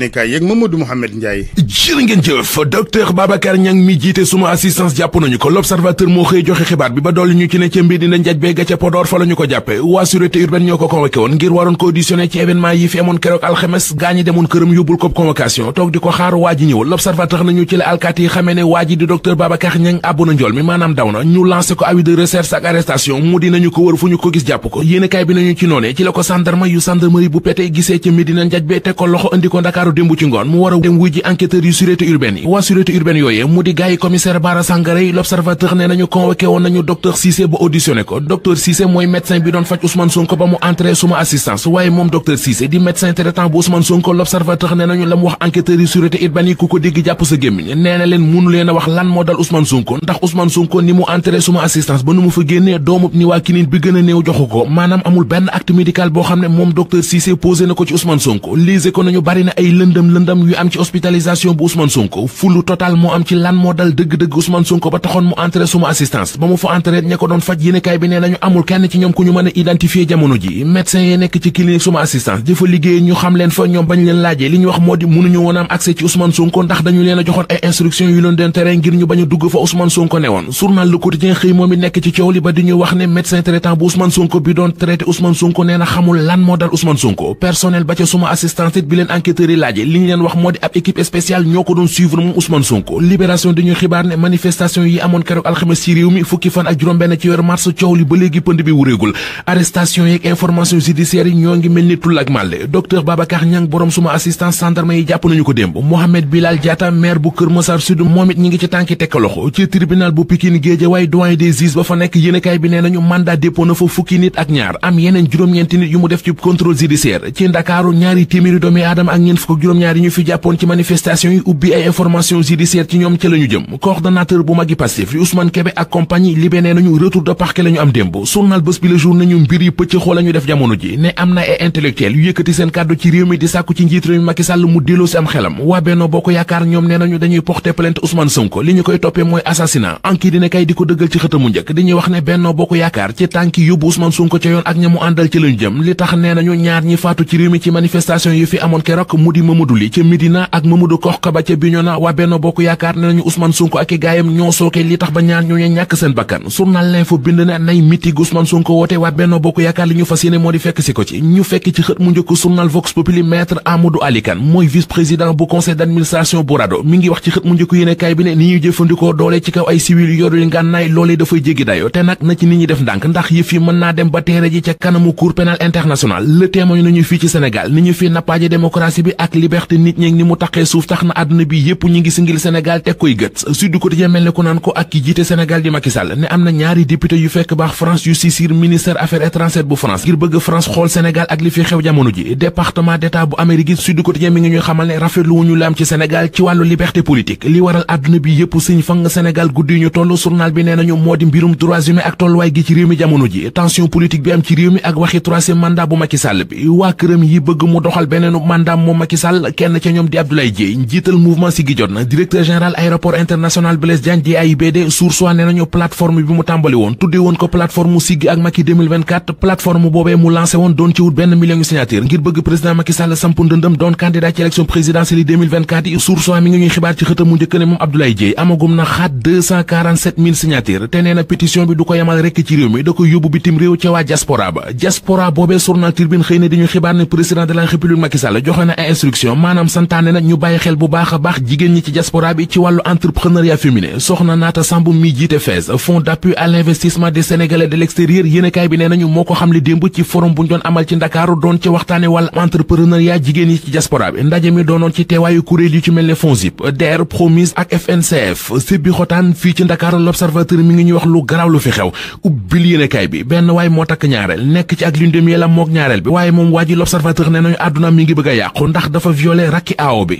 jërë ngeen jëf docteur Babacar Niang mi jiite suma assistance jàpp nañu ko l'observateur moo xëy joxe xibaar bi ba dolli ñu ci ne ca mbir dina njaj bee ca Podor fa la ko jàppe waa sûreté urbaine ñoo ko convoqué ngir waroon ko auditionné ci événement yi fi amoon keroog alxames gaa demoon këram yóbbul ko convocation toog di ko xaar waa ji ñëwul l'observateur nañu ci la alkaati yi ne waa ji di docteur Babacar Niang àbbu na njool mi maanaam daw ndakaaru mu war a dem wuy ji enquêteurs yu sûreté urbaine yi waa sûreté urbaine yooyee mu di gaay commissaire Bara Sangaré yi l'observateur ne nañu convoqué woon nañu docteur Cissé ba auditionné ko docteur Cissé mooy médecin bi doon faj Ousmane Sonko ba mu entré suma assistance waaye moom docteur Cissé di médecin traitant bu Ousmane Sonko l'observateur ne nañu la mu wax enquêteurs yu sûreté urbaine yi ku ko dégg jàpp sa gémmiñ nee leen mënu wax lan moo dal Ousmane Sonko ndax lëndëm lëndëm yu am ci hospitalisation bu Ousmane Sonko fulu total moo am ci lan moo dal dëgg-dëgg Ousmane Sonko ba taxoon mu entré suma assistance ba bi xam leen fa ñoom bañ leen ñu wax moo di mënuñu woon am accès ci Ousmane Sonko doon tere ngir ñu nee na xamul lan moo dal Ousmane Sonko personnel ba ca suma assistance it bi laaje li ñu leen wax moo di ab équipe spéciale ñoo ko doon suivre moom Ousmane Sonko libération dañuy xibaar ne manifestation yi amoon keroog alxames ci réew mi fukki fan ak juróom-benn ci weeru mars coow li ba léegi pënd bi wuréegul arrestation yeeg information judiciaire yi ñoo ngi mel ni tull ak màlle docteur Babacar Niang borom suma assistance gendarme yi jàpp nañu ko démb Mohamed Bilal Diatta maire bu Kër Massar Sud moom it ñi ngi ci tànki tekk loxo ak juróom-ñaar yi ñu fi jàppoon ci manifestation yi ubbi ay information judiciaire ci ñoom ca la ñu jëm coordonnateur bu magi yi Ousmane li ñu Sonko ca yoon ak ñamu àndal ci lañu jëm li tax nee nañu ñaar ñi faatu ci réew mi ci manifestation yu fi amoon keroog mu di Guy Mamadou Ly ca Médina ak Mamadou Kokka ba ca Bignona waa Benno Bokk Yaakaar ne nañu Ousmane Sonko ak i gaayam ñoo sooke li tax ba ñaar ñooñu ñàkk seen bakkan journal L'Info bind ne nay meeting Ousmane Sonko woote waa Benno Bokk Yaakaar li ñu fas yéene moo di fekk si ko ci ñu fekk ci xët mu njëkk journal Vox Populi maître Amadou Ali mooy vice président bu conseil d'administration bu RADDHO mi ngi wax ci xët mu njëkk yéene kaay bi ne ni ñuy jëfandikoo ak ngir bëgg France xool Sénégal ak li fi xew jamono ji département d'état bu Amérique yi Sud fang Sénégal guddi ñu toll journal bi nee nañu moo di mbirum droits ak tolluwaay gi ci réew mi jamono ji tension politique bi am ci réew mi ak waxi troisième mandat bu Macky bi waa këram yi bëgg mu doxal beneen mandat moom Macky Sall kenn ca ñoom di Abdoulaye Dièye njiital mouvement Siggi jot na directeur général aéroport international Blaise Diagne di AIBD sursoi ne nañu plateforme bi mu tàmbali woon tudde woon ko plateforme Siggi ak Macky 2024 boobee mu lancé woon doon ci benn million yu ngir bëgg président Macky Sall samp doon candidat ci élection présidentielle yi 2024 yi sursoi mi ngi ñuy xibaar ci xëtam mu njëkk ne moom Abdoulaye Dièye amagum na xaat 247 instruction maanaam santaane na ñu bàyyi xel bu baax a baax jigéen ñi ci diaspora bi ci wàllu entrepreneuriat féminin soxna Naata Samb mi jiite fees fonds d'appui à l'investissement des Sénégalais de l'extérieur yéenekaay bi nee nañu moo ko xamle démb ci forum bu ñu doon amal ci Ndakaaru doon ci waxtaane wàllu entrepreneuriat jigéen ñi ci diaspora bi ndaje mi doonoon ci teewaayu kuréel yu ci mel ne FONSIP DER Promise ak FNCF sibbi xotaan fii ci Ndakaaru l'observateur mi ngi ñuy wax lu garaaw lu fi xew ubbil bi benn waay moo takk ñaareel nekk ci ak lune de miel am mook ñaareel moom waa ji l'observateur nee nañu mi ngi bëgg yàqu ndax dafa violé rakki aawo bi.